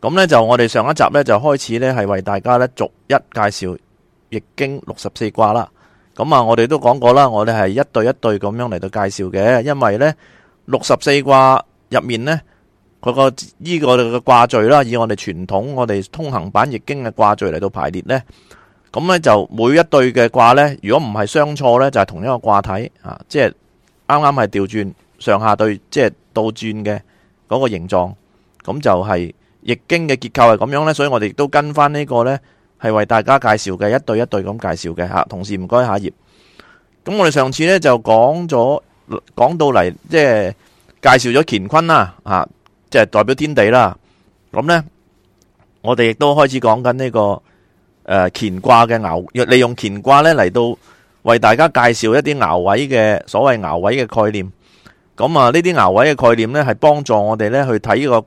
咁咧就我哋上一集咧就開始咧係為大家咧逐一介紹易經六十四卦啦。咁啊，我哋都講過啦，我哋係一對一對咁樣嚟到介紹嘅，因為咧六十四卦入面咧佢、這個呢個嘅卦序啦，以我哋傳統我哋通行版易經嘅卦序嚟到排列咧，咁咧就每一對嘅卦咧，如果唔係相錯咧，就係、是、同一個卦體啊，即係啱啱係調轉上下對，即係倒轉嘅嗰個形狀，咁就係、是。易經嘅結構係咁樣咧，所以我哋亦都跟翻呢個咧，係為大家介紹嘅一對一對咁介紹嘅吓。同時唔該下一頁。咁我哋上次咧就講咗，講到嚟即係介紹咗乾坤啦，吓，即係代表天地啦。咁咧，我哋亦都開始講緊、這、呢個誒，乾卦嘅爻，利用乾卦咧嚟到為大家介紹一啲爻位嘅所謂爻位嘅概念。咁啊，呢啲爻位嘅概念咧，係幫助我哋咧去睇呢、這個。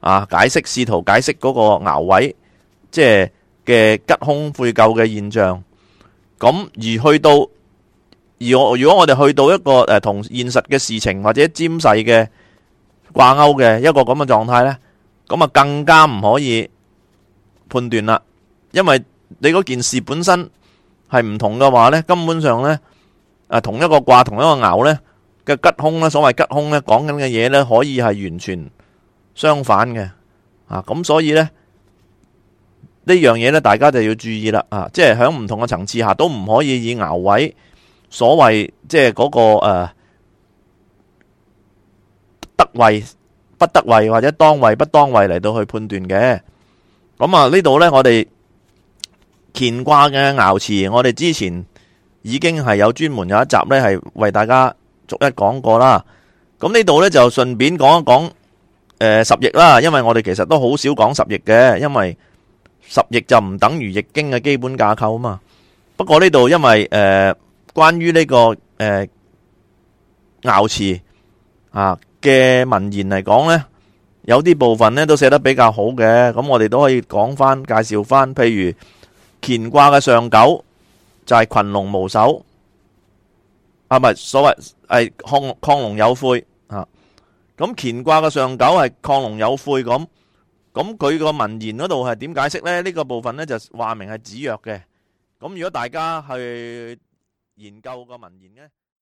啊！解釋試圖解釋嗰個爻位，即係嘅吉凶悔咎嘅現象。咁而去到而我如果我哋去到一個誒同現實嘅事情或者占筮嘅掛鈎嘅一個咁嘅狀態咧，咁啊更加唔可以判斷啦。因為你嗰件事本身係唔同嘅話咧，根本上咧啊同一個卦同一個爻咧嘅吉凶咧，所謂吉凶咧講緊嘅嘢咧，可以係完全。相反嘅，啊咁所以呢，呢樣嘢呢大家就要注意啦，啊即係喺唔同嘅層次下都唔可以以爻位所謂即係嗰、那個誒得位不得位，不得位或者當位不當位嚟到去判斷嘅。咁啊呢度呢，我哋乾卦嘅爻辭，我哋之前已經係有專門有一集呢，係為大家逐一講過啦。咁呢度呢，就順便講一講。誒，十翼啦，因為我哋其實都好少講十翼嘅，因為十翼就唔等於易經嘅基本架構啊嘛。不過呢度因為誒，關於呢個誒爻辭啊嘅文言嚟講咧，有啲部分咧都寫得比較好嘅，咁我哋都可以講翻、介紹翻，譬如乾卦嘅上九就係群龍無首，啊，唔係所謂係亢亢龍有悔。咁乾卦嘅上九係亢龍有悔咁，咁佢個文言嗰度係點解釋呢？呢？呢個部分呢，就話明係子曰嘅。咁如果大家去研究個文言呢？